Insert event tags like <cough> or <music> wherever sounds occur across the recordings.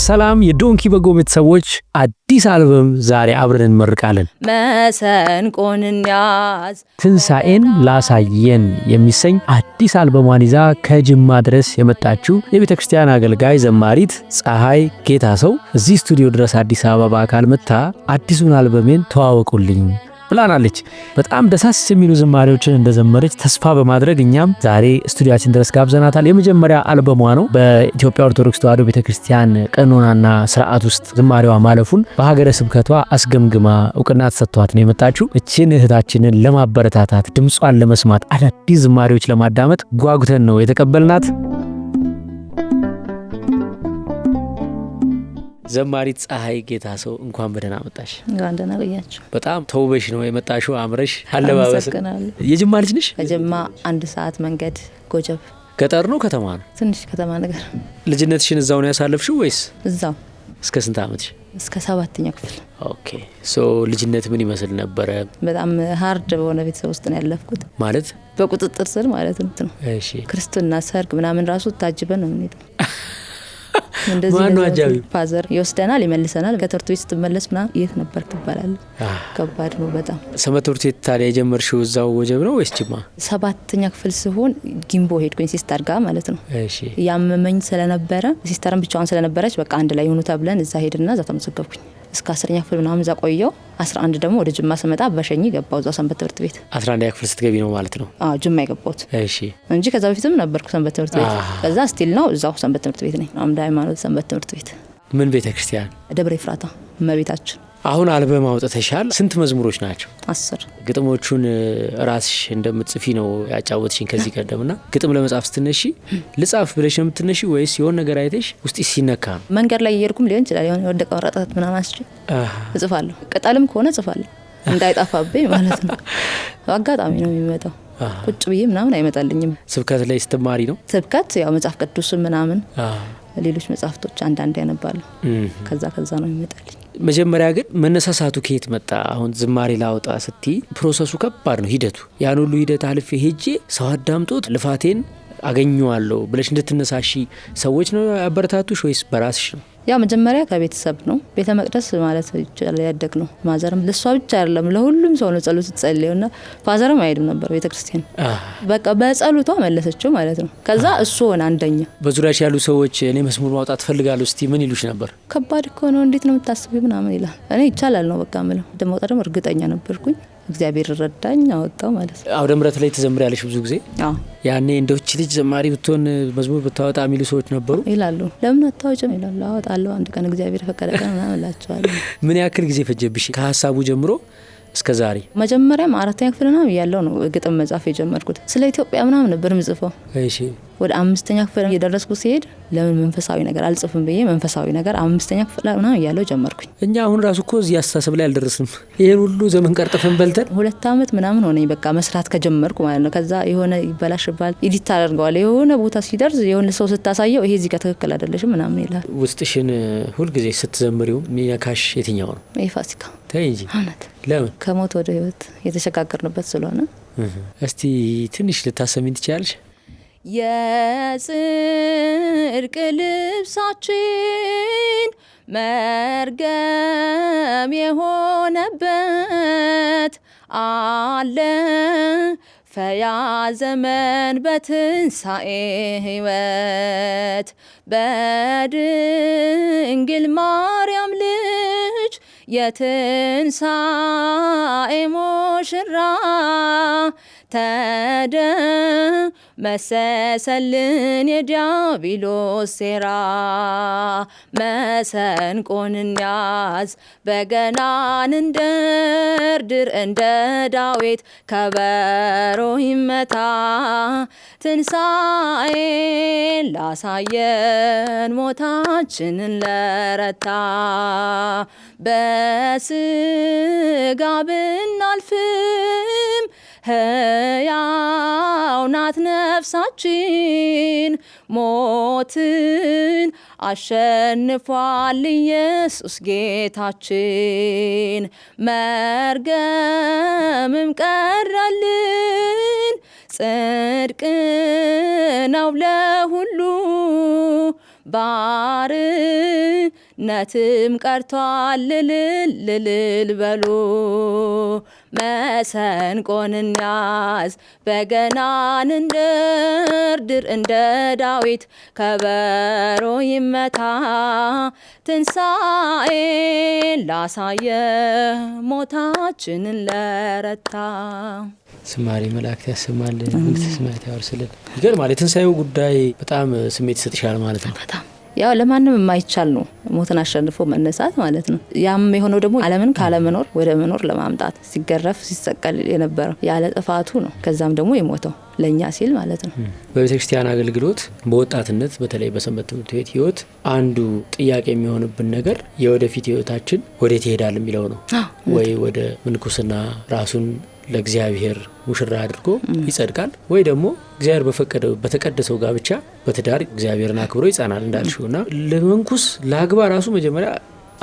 ሰላም የዶንኪ በጎ ቤተሰቦች አዲስ አልበም ዛሬ አብረን እንመርቃለን። መሰንቆንን ትንሣኤን ላሳየን የሚሰኝ አዲስ አልበሟን ይዛ ከጅማ ድረስ የመጣችው የቤተ ክርስቲያን አገልጋይ ዘማሪት ፀሐይ ጌታ ሰው እዚህ ስቱዲዮ ድረስ አዲስ አበባ በአካል መጥታ አዲሱን አልበሜን ተዋወቁልኝ ብላናለች። በጣም ደሳስ የሚሉ ዝማሬዎችን እንደዘመረች ተስፋ በማድረግ እኛም ዛሬ ስቱዲያችን ድረስ ጋብዘናታል። የመጀመሪያ አልበሟ ነው። በኢትዮጵያ ኦርቶዶክስ ተዋሕዶ ቤተክርስቲያን ቀኖናና ስርዓት ውስጥ ዝማሬዋ ማለፉን በሀገረ ስብከቷ አስገምግማ እውቅና ተሰጥቷት ነው የመጣችው። እችን እህታችንን ለማበረታታት ድምጿን ለመስማት አዳዲስ ዝማሬዎች ለማዳመጥ ጓጉተን ነው የተቀበልናት። ዘማሪት ፀሐይ ጌታ ሰው እንኳን በደህና መጣሽ። እንኳን ደህና ቆያችሁ። በጣም ተውበሽ ነው የመጣሽው አምረሽ። አለባበስ የጅማ ልጅ ነሽ? ከጅማ አንድ ሰዓት መንገድ ጎጀብ። ገጠር ነው ከተማ ነው? ትንሽ ከተማ ነገር። ልጅነትሽን እዛው ነው ያሳለፍሽው ወይስ እዛው? እስከ ስንት አመትሽ? እስከ ሰባተኛ ክፍል። ኦኬ ሶ ልጅነት ምን ይመስል ነበረ? በጣም ሀርድ በሆነ ቤተሰብ ውስጥ ነው ያለፍኩት። ማለት በቁጥጥር ስር ማለት ነው። ክርስትና፣ ሰርግ ምናምን ራሱ ታጅበን ነው የምንሄደው ፓዘር ይወስደናል፣ ይመልሰናል። ከተርቱ ቤት ስትመለስ ምና የት ነበር ትባላል። ከባድ ነው በጣም ሰመ ትምህርት ቤት ታዲያ የጀመርሽው እዛው ወጀብ ነው ወይስ ጅማ? ሰባተኛ ክፍል ሲሆን ጊምቦ ሄድኩኝ ሲስተር ጋር ማለት ነው። ያመመኝ ስለነበረ ሲስተርን ብቻዋን ስለነበረች በቃ አንድ ላይ ሆኑ ተብለን እዛ ሄድና እዛ ተመዘገብኩኝ እስከ አስረኛ ክፍል ምናምን እዛ ቆየው። አስራ አንድ ደግሞ ወደ ጅማ ስመጣ በሸኝ ገባው እዛው ሰንበት ትምህርት ቤት። አስራ አንደኛ ክፍል ስትገቢ ነው ማለት ነው? አዎ ጅማ የገባሁት እንጂ ከዛ በፊትም ነበርኩ ሰንበት ትምህርት ቤት። ከዛ ስቲል ነው እዛው ሰንበት ትምህርት ቤት ነኝ አምደ ሃይማኖት ሰንበት ትምህርት ቤት ምን ቤተ ክርስቲያን ደብረ ኤፍራታ እመቤታችን። አሁን አልበም አውጥተሻል። ስንት መዝሙሮች ናቸው? አስር ግጥሞቹን ራስሽ እንደምትጽፊ ነው ያጫወትሽኝ ከዚህ ቀደምና ግጥም ለመጻፍ ስትነሺ ልጻፍ ብለሽ ነው የምትነሺ ወይስ የሆን ነገር አይተሽ ውስጥ ሲነካ ነው? መንገድ ላይ እየሄድኩም ሊሆን ይችላል የሆነ የወደቀ ወረቀት ምናምን አስቼ እጽፋለሁ። ቅጠልም ከሆነ እጽፋለሁ እንዳይጠፋብኝ ማለት ነው። <laughs> አጋጣሚ ነው የሚመጣው ቁጭ ብዬ ምናምን አይመጣልኝም። ስብከት ላይ ስትማሪ ነው ስብከት ያው መጽሐፍ ቅዱስ ምናምን ሌሎች መጽሐፍቶች አንዳንድ ያነባለሁ። ከዛ ከዛ ነው ይመጣልኝ። መጀመሪያ ግን መነሳሳቱ ከየት መጣ? አሁን ዝማሬ ላውጣ ስቲ ፕሮሰሱ ከባድ ነው ሂደቱ። ያን ሁሉ ሂደት አልፌ ሄጄ ሰው አዳምጦት ልፋቴን አገኘዋለሁ ብለሽ እንድትነሳሺ ሰዎች ነው ያበረታቱሽ ወይስ በራስሽ ነው? ያው መጀመሪያ ከቤተሰብ ነው። ቤተ መቅደስ ማለት ይቻላል ያደግ ነው። ማዘርም ለእሷ ብቻ አይደለም ለሁሉም ሰው ነው ጸሎት ስትጸልየው ና ፋዘርም አይሄድም ነበር ቤተ ክርስቲያን። በቃ በጸሎቷ መለሰችው ማለት ነው። ከዛ እሱ ሆነ አንደኛ። በዙሪያሽ ያሉ ሰዎች እኔ መስሙር ማውጣት ፈልጋለሁ እስቲ ምን ይሉሽ ነበር? ከባድ ከሆነው እንዴት ነው የምታስብ ምናምን ይላል። እኔ ይቻላል ነው በቃ ምለው ደሞ ደግሞ እርግጠኛ ነበርኩኝ። እግዚአብሔር ረዳኝ አወጣው ማለት ነው። አውደ ምረት ላይ ያለሽ ብዙ ጊዜ ያኔ እንደች ልጅ ዘማሪ ብትሆን መዝሙር ብታወጣ የሚሉ ሰዎች ነበሩ ይላሉ። ለምን አታወጭም ይላሉ። አወጣለሁ አንድ ቀን እግዚአብሔር ፈቀደ ቀን ምናምን እላቸዋለሁ። ምን ያክል ጊዜ ፈጀብሽ ከሀሳቡ ጀምሮ እስከ ዛሬ መጀመሪያም አራተኛ ክፍል ምናምን ያለው ነው ግጥም መጻፍ የጀመርኩት። ስለ ኢትዮጵያ ምናምን ነበር ምጽፈው። እሺ ወደ አምስተኛ ክፍል እየደረስኩ ሲሄድ ለምን መንፈሳዊ ነገር አልጽፍም ብዬ መንፈሳዊ ነገር አምስተኛ ክፍል ምናምን ያለው ጀመርኩኝ። እኛ አሁን ራሱ እኮ እዚህ አስተሳሰብ ላይ አልደረስም። ይህን ሁሉ ዘመን ቀርጥፈን በልተን ሁለት ዓመት ምናምን ሆነኝ በቃ መስራት ከጀመርኩ ማለት ነው። ከዛ የሆነ ይበላሽባል፣ ኢዲት ታደርገዋል። የሆነ ቦታ ሲደርስ የሆነ ሰው ስታሳየው ይሄ እዚህ ጋር ትክክል አይደለሽም ምናምን ይላል። ውስጥሽን ሁልጊዜ ስትዘምሪው ሚነካሽ የትኛው ነው? ይህ ፋሲካ ተይ እንጂ ለምን ከሞት ወደ ህይወት የተሸጋገርንበት ስለሆነ እስቲ ትንሽ ልታሰሚን ትችላለች የጽድቅ ልብሳችን መርገም የሆነበት አለ ፈያ ዘመን በትንሣኤ ህይወት በድንግል ማርያም የትንሣኤ ሙሽራ ተደመሰሰልን የዲያብሎስ ሴራ። መሰንቆን እንያዝ በገናን እንደርድር እንደ ዳዊት ከበሮ ይመታ ትንሣኤን ላሳየን ሞታችንን ለረታ በስጋ ብናልፍ ሕያው ናት ነፍሳችን ሞትን አሸንፏል ኢየሱስ ጌታችን። መርገምም ቀረልን ጽድቅ ነው ለሁሉ ባር ነትም ቀርቷል ልልልልል በሉ መሰንቆንን ያዝ በገናን እንደርድር እንደ ዳዊት ከበሮ ይመታ ትንሣኤን ላሳየ ሞታችንን ለረታ ስማሪ መላእክት ያሰማልን፣ ትስማት ያወርስልን። ይገርማል። የትንሣኤው ጉዳይ በጣም ስሜት ይሰጥሻል ማለት ነው። ያው ለማንም የማይቻል ነው ሞትን አሸንፎ መነሳት ማለት ነው። ያም የሆነው ደግሞ ዓለምን ካለመኖር ወደ መኖር ለማምጣት ሲገረፍ ሲሰቀል የነበረው ያለ ጥፋቱ ነው። ከዛም ደግሞ የሞተው ለእኛ ሲል ማለት ነው። በቤተ ክርስቲያን አገልግሎት፣ በወጣትነት በተለይ በሰንበት ትምህርት ቤት ህይወት አንዱ ጥያቄ የሚሆንብን ነገር የወደፊት ህይወታችን ወዴት ይሄዳል የሚለው ነው። ወይ ወደ ምንኩስና ራሱን ለእግዚአብሔር ሙሽራ አድርጎ ይጸድቃል ወይ ደግሞ እግዚአብሔር በፈቀደው በተቀደሰው ጋብቻ በትዳር እግዚአብሔርን አክብሮ ይጸናል እንዳልሽው እና ለመንኩስ ለአግባ ራሱ መጀመሪያ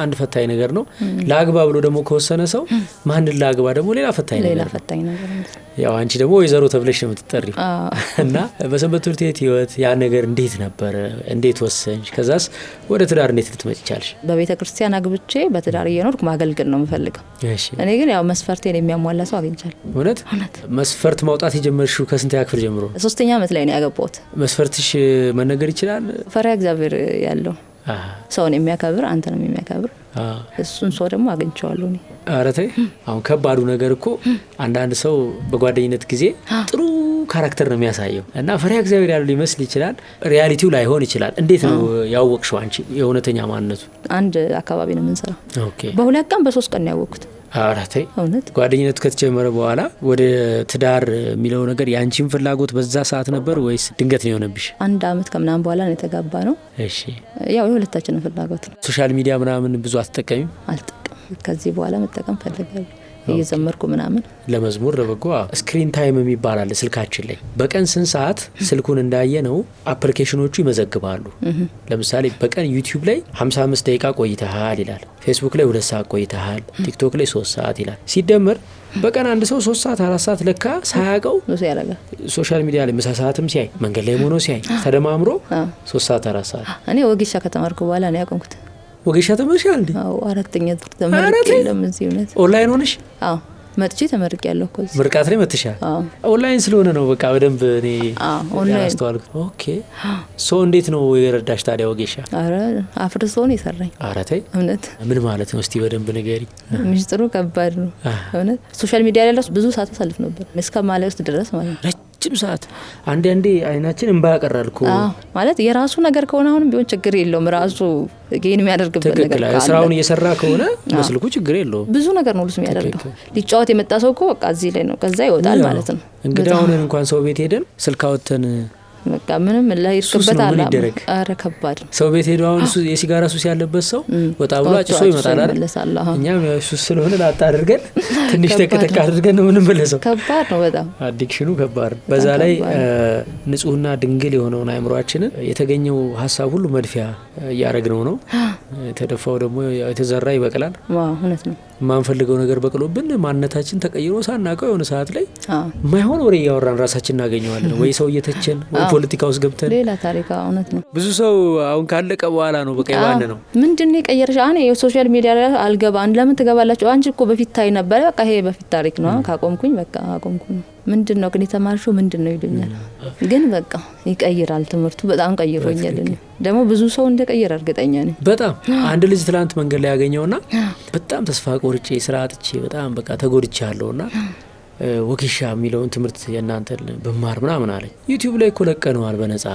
አንድ ፈታኝ ነገር ነው። ለአግባ ብሎ ደግሞ ከወሰነ ሰው ማንን ለአግባ ደግሞ ሌላ ፈታኝ ነገር ያው አንቺ ደግሞ ወይዘሮ ተብለሽ ነው የምትጠሪ <laughs> እና በሰንበት ትምህርት ቤት ህይወት ያ ነገር እንዴት ነበረ? እንዴት ወሰንሽ? ከዛስ ወደ ትዳር እንዴት ልትመጭ ቻልሽ? በቤተ ክርስቲያን አግብቼ በትዳር እየኖርኩ ማገልገል ነው የምፈልገው። እኔ ግን ያው መስፈርቴን የሚያሟላ ሰው አግኝቻል። እውነት መስፈርት ማውጣት የጀመርሽው ከስንት ክፍል ጀምሮ? ሶስተኛ ዓመት ላይ ነው ያገባት መስፈርትሽ መነገር ይችላል? ፈራ እግዚአብሔር ያለው ሰውን የሚያከብር አንተንም የሚያከብር እሱን ሰው ደግሞ አግኝቼዋለሁ እኔ። ኧረ ተይ አሁን ከባዱ ነገር እኮ አንዳንድ ሰው በጓደኝነት ጊዜ ጥሩ ካራክተር ነው የሚያሳየው እና ፈሪሃ እግዚአብሔር ያሉ ሊመስል ይችላል፣ ሪያሊቲው ላይሆን ይችላል። እንዴት ነው ያወቅሽው አንቺ የእውነተኛ ማንነቱ? አንድ አካባቢ ነው የምንሰራው። በሁለት ቀን በሶስት ቀን ነው ያወቅኩት። አራተ እውነት ጓደኝነቱ ከተጀመረ በኋላ ወደ ትዳር የሚለው ነገር የአንቺን ፍላጎት በዛ ሰዓት ነበር ወይስ ድንገት ነው የሆነብሽ? አንድ አመት ከምናምን በኋላ ነው የተጋባ ነው። እሺ ያው የሁለታችንን ፍላጎት ነው። ሶሻል ሚዲያ ምናምን ብዙ አትጠቀሚም? አልጠቀም። ከዚህ በኋላ መጠቀም ፈልጋለሁ። እየዘመርኩ ምናምን ለመዝሙር ለበጎ ስክሪን ታይም የሚባል አለ ስልካችን ላይ በቀን ስንት ሰዓት ስልኩን እንዳየ ነው አፕሊኬሽኖቹ ይመዘግባሉ። ለምሳሌ በቀን ዩቲዩብ ላይ 55 ደቂቃ ቆይተሃል ይላል። ፌስቡክ ላይ ሁለት ሰዓት ቆይተሃል፣ ቲክቶክ ላይ ሶስት ሰዓት ይላል። ሲደመር በቀን አንድ ሰው ሶስት ሰዓት አራት ሰዓት ለካ ሳያውቀው ሶሻል ሚዲያ ላይ ምሳ ሰዓትም ሲያይ መንገድ ላይ ሆኖ ሲያይ ተደማምሮ ሶስት ሰዓት አራት ሰዓት እኔ ወጌሻ ከተማርኩ በኋላ ነው ያቆምኩት። ወጌሻ ተመርሻል እንዴ? አዎ፣ አራተኛ ዙር ተመርቄያለሁ። እዚህ እውነት ኦንላይን ሆነሽ? አዎ መጥቼ ተመርቄያለሁ እኮ እዚህ ምርቃት ላይ መጥተሻል። ኦንላይን ስለሆነ ነው በቃ በደንብ እኔ ያስተዋልኩት። ኦኬ ሶ እንዴት ነው የረዳሽ ታዲያ ወጌሻ? አረ አፍርሶ ነው የሰራኝ። አረ ተይ እውነት። ምን ማለት ነው እስቲ በደንብ ንገሪ። ምስጢሩ ከባድ ነው እውነት። ሶሻል ሚዲያ ላይ ብዙ ሰዓት አሳልፍ ነበር እስከ ማለቅስ ድረስ ማለት ነው ረጅም ሰዓት አንዳንዴ አይናችን እንባ ያቀራል እኮ ማለት የራሱ ነገር ከሆነ አሁንም ቢሆን ችግር የለውም ራሱ ጌን የሚያደርግበት ነገር ስራውን እየሰራ ከሆነ በስልኩ ችግር የለውም። ብዙ ነገር ነው ልሱ የሚያደርገው። ሊጫወት የመጣ ሰው እኮ በቃ እዚህ ላይ ነው፣ ከዛ ይወጣል ማለት ነው። እንግዲህ አሁንን እንኳን ሰው ቤት ሄደን ስልክ አወጥተን በቃ ምንም ላይርቅበት አላ ኧረ ከባድ ነው። ሰው ቤት ሄዶ አሁን የሲጋራ ሱስ ያለበት ሰው ወጣ ብሎ አጭሶ ይመጣል አይደል? እኛም ሱስ ስለሆነ ላጣ አድርገን <laughs> ትንሽ ተከተካ አድርገን ነው ምንም የምንመለሰው። ከባድ ነው በጣም አዲክሽኑ ከባድ። በዛ ላይ ንጹህና ድንግል የሆነውን አእምሯችንን የተገኘው ሀሳብ ሁሉ መድፊያ እያደረግነው ነው። የተደፋው ደግሞ የተዘራ ይበቅላል። እውነት ነው። የማንፈልገው ነገር በቅሎብን ማንነታችን ተቀይሮ ሳናውቀው የሆነ ሰዓት ላይ ማይሆን ወሬ እያወራን ራሳችን እናገኘዋለን። ወይ ሰው እየተቸን፣ ወይ ፖለቲካ ውስጥ ገብተን ሌላ ታሪክ። እውነት ነው። ብዙ ሰው አሁን ካለቀ በኋላ ነው በቃ የባነ ነው ምንድን ነው የቀየረሽ? የሶሻል ሚዲያ ላይ አልገባን። ለምን ትገባላቸው? አንቺ እኮ በፊት ታይ ነበረ። በቃ ይሄ በፊት ታሪክ ነው። ካቆምኩኝ በቃ አቆምኩኝ። ምንድን ነው ግን የተማርሽው ምንድን ነው ይሉኛል። ግን በቃ ይቀይራል ትምህርቱ በጣም ቀይሮኛል። ደግሞ ብዙ ሰው እንደቀየር እርግጠኛ ነኝ። በጣም አንድ ልጅ ትላንት መንገድ ላይ ያገኘውና በጣም ተስፋ ቆርጬ ስራ አጥቼ በጣም በቃ አለውና ወኪሻ የሚለውን ትምህርት የእናንተ ብማር ምናምን አለኝ። ዩቲዩብ ላይ እኮ ለቀነዋል በነጻ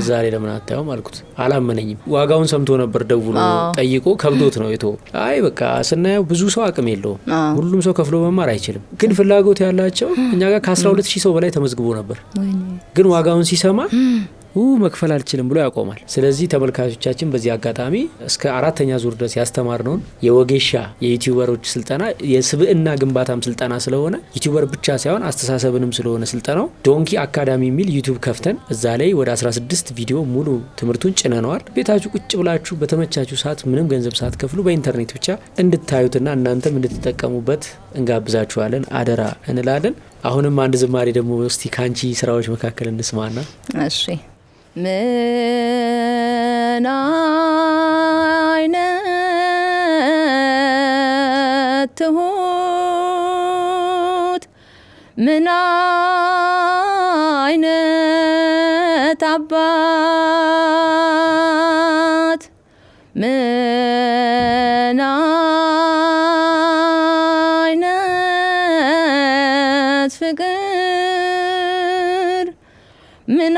እዛ ላይ ለምን አታየውም አልኩት። አላመነኝም። ዋጋውን ሰምቶ ነበር ደውሎ ጠይቆ ከብዶት ነው የቶ አይ በቃ ስናየው ብዙ ሰው አቅም የለውም። ሁሉም ሰው ከፍሎ መማር አይችልም። ግን ፍላጎት ያላቸው እኛ ጋር ከ12 ሺህ ሰው በላይ ተመዝግቦ ነበር። ግን ዋጋውን ሲሰማ መክፈል አልችልም ብሎ ያቆማል። ስለዚህ ተመልካቾቻችን በዚህ አጋጣሚ እስከ አራተኛ ዙር ድረስ ያስተማርነውን የወጌሻ የዩቲዩበሮች ስልጠና የስብዕና ግንባታም ስልጠና ስለሆነ ዩቲዩበር ብቻ ሳይሆን አስተሳሰብንም ስለሆነ ስልጠናው ዶንኪ አካዳሚ የሚል ዩቱብ ከፍተን እዛ ላይ ወደ 16 ቪዲዮ ሙሉ ትምህርቱን ጭነነዋል። ቤታችሁ ቁጭ ብላችሁ በተመቻችሁ ሰዓት ምንም ገንዘብ ሳትከፍሉ በኢንተርኔት ብቻ እንድታዩትና እናንተም እንድትጠቀሙበት እንጋብዛችኋለን፣ አደራ እንላለን። አሁንም አንድ ዝማሬ ደግሞ እስቲ ካንቺ ስራዎች መካከል እንስማና እሺ ምን አይነት ትሁት ምን አይነት አባት ምን አይነት ፍቅር ምን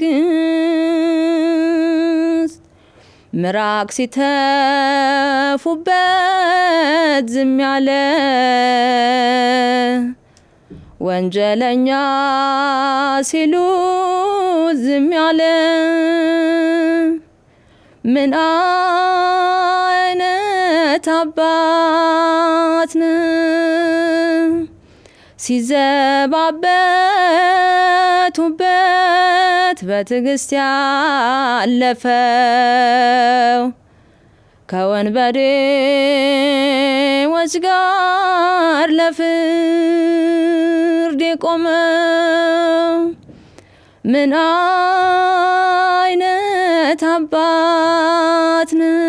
ትዕግስት ምራቅ ሲተፉበት ዝም ያለ ወንጀለኛ ሲሉ ዝም ያለ ምን አይነት አባት ነው ሲዘባበቱበት ዓመት በትዕግስት ያለፈው ከወንበዴዎች ጋር ለፍርድ የቆመው ምን አይነት አባት ነው?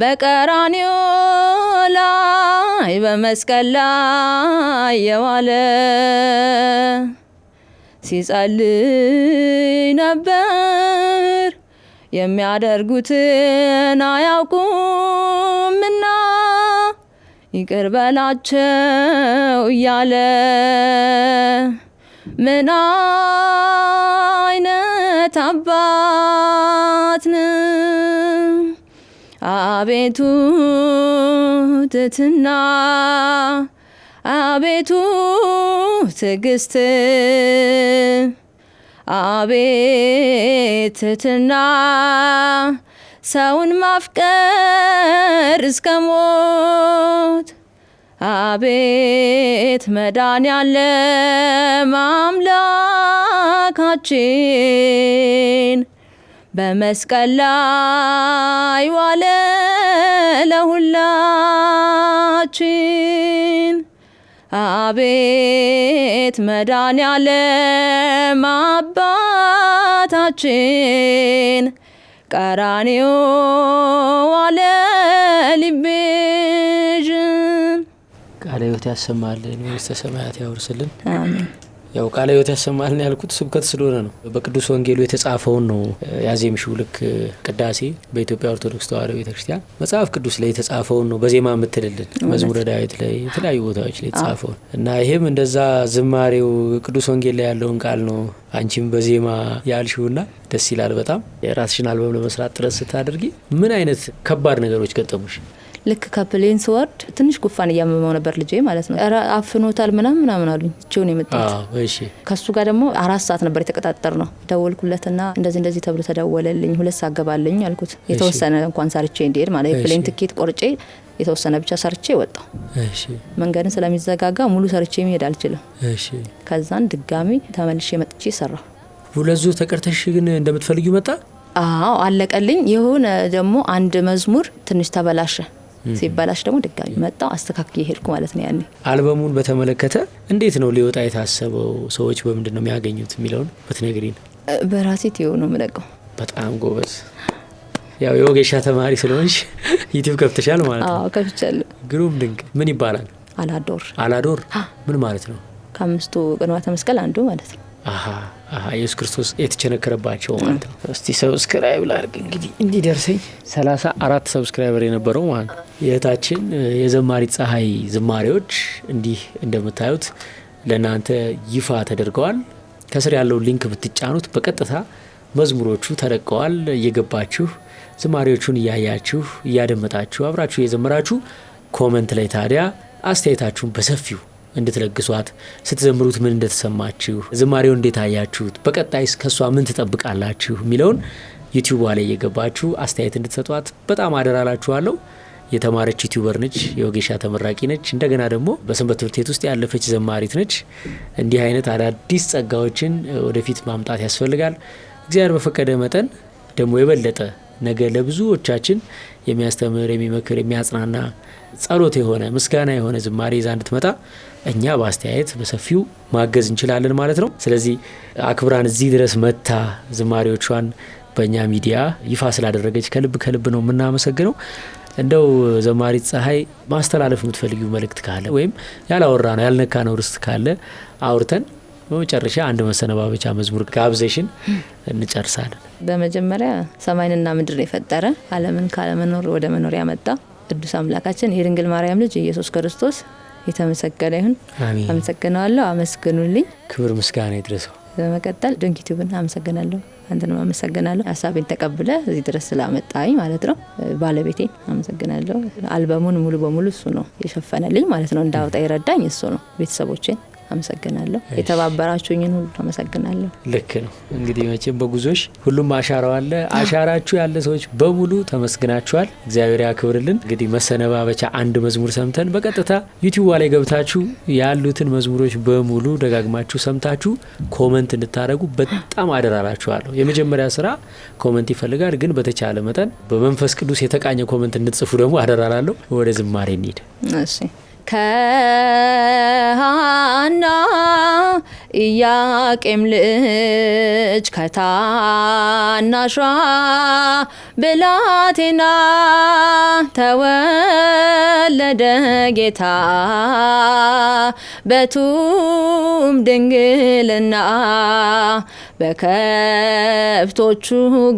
በቀራንዮ ላይ በመስቀል ላይ የዋለ ሲጸልይ ነበር። የሚያደርጉትን አያውቁምና ይቅር በላቸው እያለ ምን አይነት አባት ነው! አቤቱ ትትና አቤቱ ትዕግስት አቤት ትሕትና ሰውን ማፍቀር እስከ ሞት አቤት መዳን መድኃኔዓለም ማምላካችን በመስቀል ላይ ዋለ ለሁላችን። አቤት መድኃኔዓለም አባታችን ቀራንዮ ዋለ ልቤዥን ቃለ ሕይወት ያሰማልን፣ መንግሥተ ሰማያት ያወርስልን። አሜን። ያው ቃለ ሕይወት ያሰማልን ያልኩት ስብከት ስለሆነ ነው። በቅዱስ ወንጌሉ የተጻፈውን ነው ያዜምሽው። ልክ ቅዳሴ በኢትዮጵያ ኦርቶዶክስ ተዋሕዶ ቤተክርስቲያን መጽሐፍ ቅዱስ ላይ የተጻፈውን ነው በዜማ የምትልልን መዝሙረ ዳዊት ላይ የተለያዩ ቦታዎች ላይ የተጻፈውን እና ይሄም እንደዛ ዝማሬው ቅዱስ ወንጌል ላይ ያለውን ቃል ነው አንቺም በዜማ ያልሽውና ደስ ይላል በጣም። የራስሽን አልበም ለመስራት ጥረት ስታደርጊ ምን አይነት ከባድ ነገሮች ገጠሙሽ? ልክ ከፕሌን ስወርድ ትንሽ ጉፋን እያመመው ነበር ልጄ ማለት ነው። አፍኖታል ምናምን ምናምን አሉኝ። እችውን የመጣት ከሱ ጋር ደግሞ አራት ሰዓት ነበር የተቀጣጠር ነው። ደወልኩለትና እንደዚህ እንደዚህ ተብሎ ተደወለልኝ፣ ሁለት ሰዓት ገባለኝ አልኩት። የተወሰነ እንኳን ሰርቼ እንዲሄድ ማለት የፕሌን ትኬት ቆርጬ የተወሰነ ብቻ ሰርቼ ወጣው መንገድን ስለሚዘጋጋ ሙሉ ሰርቼ መሄድ አልችልም። ከዛን ድጋሚ ተመልሼ መጥቼ ሰራው። ሁለት ዙር ተቀርተሽ ግን እንደምትፈልጊው መጣ። አዎ አለቀልኝ። የሆነ ደግሞ አንድ መዝሙር ትንሽ ተበላሸ። ሲበላሽ ደግሞ ድጋሚ መጣው አስተካክዬ ሄድኩ ማለት ነው። ያኔ አልበሙን በተመለከተ እንዴት ነው ሊወጣ የታሰበው? ሰዎች በምንድን ነው የሚያገኙት የሚለውን ብትነግሪን። በራሴ ቲዮ ነው የምለቀው። በጣም ጎበዝ ያው የወጌሻ ተማሪ ስለሆንሽ <laughs> ዩቲብ ከፍተሻል ማለት ነው። ከፍቻለሁ። ግሩም ድንቅ። ምን ይባላል? አላዶር አላዶር ምን ማለት ነው? ከአምስቱ ቅንዋተ መስቀል አንዱ ማለት ነው። ኢየሱስ ክርስቶስ የተቸነከረባቸው ማለት ነው። እስቲ ሰብስክራይብ ላድርግ እንግዲህ እንዲደርሰኝ ሰላሳ አራት ሰብስክራይበር የነበረው ማለት ነው። የእህታችን የዘማሪ ፀሐይ ዝማሬዎች እንዲህ እንደምታዩት ለእናንተ ይፋ ተደርገዋል። ከስር ያለው ሊንክ ብትጫኑት በቀጥታ መዝሙሮቹ ተለቀዋል። እየገባችሁ ዝማሬዎቹን እያያችሁ እያደመጣችሁ አብራችሁ እየዘመራችሁ ኮመንት ላይ ታዲያ አስተያየታችሁን በሰፊው እንድትለግሷት ስትዘምሩት ምን እንደተሰማችሁ ዝማሬው እንዴት አያችሁት፣ በቀጣይ ከእሷ ምን ትጠብቃላችሁ የሚለውን ዩቲዩቧ ላይ እየገባችሁ አስተያየት እንድትሰጧት በጣም አደራላችኋለሁ። የተማረች ዩቲዩበር ነች። የወጌሻ ተመራቂ ነች። እንደገና ደግሞ በሰንበት ትምህርት ቤት ውስጥ ያለፈች ዘማሪት ነች። እንዲህ አይነት አዳዲስ ጸጋዎችን ወደፊት ማምጣት ያስፈልጋል። እግዚአብሔር በፈቀደ መጠን ደግሞ የበለጠ ነገ ለብዙዎቻችን የሚያስተምር፣ የሚመክር፣ የሚያጽናና ጸሎት የሆነ ምስጋና የሆነ ዝማሬ ይዛ እንድትመጣ እኛ በአስተያየት በሰፊው ማገዝ እንችላለን ማለት ነው። ስለዚህ አክብራን እዚህ ድረስ መታ ዝማሬዎቿን በእኛ ሚዲያ ይፋ ስላደረገች ከልብ ከልብ ነው የምናመሰግነው። እንደው ዘማሪት ፀሐይ ማስተላለፍ የምትፈልጊው መልእክት ካለ ወይም ያላወራ ነው ያልነካ ነው ርስት ካለ አውርተን በመጨረሻ አንድ መሰነባበቻ መዝሙር ጋብዘሽን እንጨርሳለን። በመጀመሪያ ሰማይንና ምድርን የፈጠረ ዓለምን ካለመኖር ወደ መኖር ያመጣ ቅዱስ አምላካችን የድንግል ማርያም ልጅ ኢየሱስ ክርስቶስ የተመሰገነ ይሁን። አመሰግነዋለሁ። አመስግኑልኝ። ክብር ምስጋና ይድረሰው። በመቀጠል ድንክ ዩቲዩብን አመሰግናለሁ። ነው አመሰግናለሁ። ሀሳቤን ተቀብለ እዚህ ድረስ ስላመጣኝ ማለት ነው። ባለቤቴን አመሰግናለሁ። አልበሙን ሙሉ በሙሉ እሱ ነው የሸፈነልኝ ማለት ነው። እንዳወጣ የረዳኝ እሱ ነው። ቤተሰቦቼን አመሰግናለሁ። የተባበራችሁኝን ሁሉ አመሰግናለሁ። ልክ ነው እንግዲህ መቼም በጉዞሽ ሁሉም አሻራው አለ። አሻራችሁ ያለ ሰዎች በሙሉ ተመስግናችኋል። እግዚአብሔር ያክብርልን። እንግዲህ መሰነባበቻ አንድ መዝሙር ሰምተን በቀጥታ ዩቲዩብ ላይ ገብታችሁ ያሉትን መዝሙሮች በሙሉ ደጋግማችሁ ሰምታችሁ ኮመንት እንድታደረጉ በጣም አደራላችኋለሁ። የመጀመሪያ ስራ ኮመንት ይፈልጋል፣ ግን በተቻለ መጠን በመንፈስ ቅዱስ የተቃኘ ኮመንት እንድትጽፉ ደግሞ አደራላለሁ። ወደ ዝማሬ እንሂድ። ከሃና ኢያቄም ልጅ ከታናሿ ብላቴና ተወለደ ጌታ በቱም ድንግልና በከብቶቹ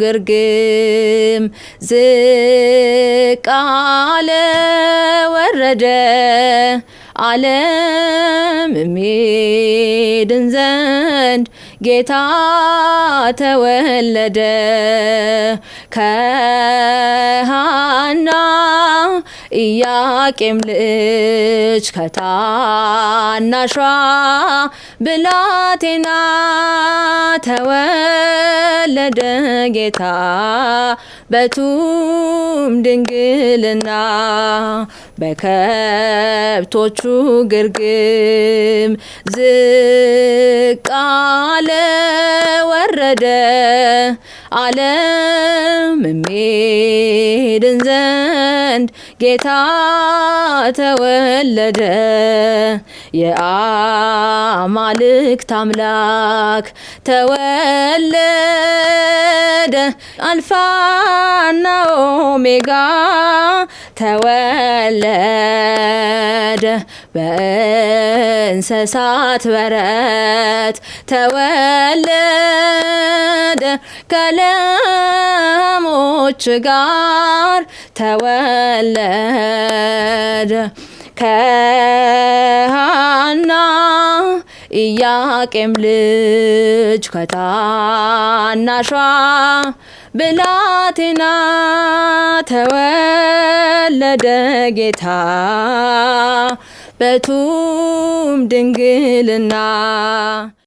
ግርግም ዝቅ አለ ወረደ ዓለም ሚድን ዘንድ ጌታ ተወለደ ከሃና ኢያቄም ልጅ ከታናሿ ብላቴና ተወለደ ጌታ በቱም ድንግልና በከብቶቹ ግርግም ዝቅ አለ ወረደ ዓለም የሚድን ዘንድ ጌታ ተወለደ። የአማልክት አምላክ ተወለደ። አልፋና ኦሜጋ ተወለደ። ወለደ በእንስሳት በረት ተወለደ ከላሞች ጋር ተወለደ ከሃና ኢያቄም ልጅ ከታናሿ ብላቴና ተወለደ ጌታ በቱም ድንግልና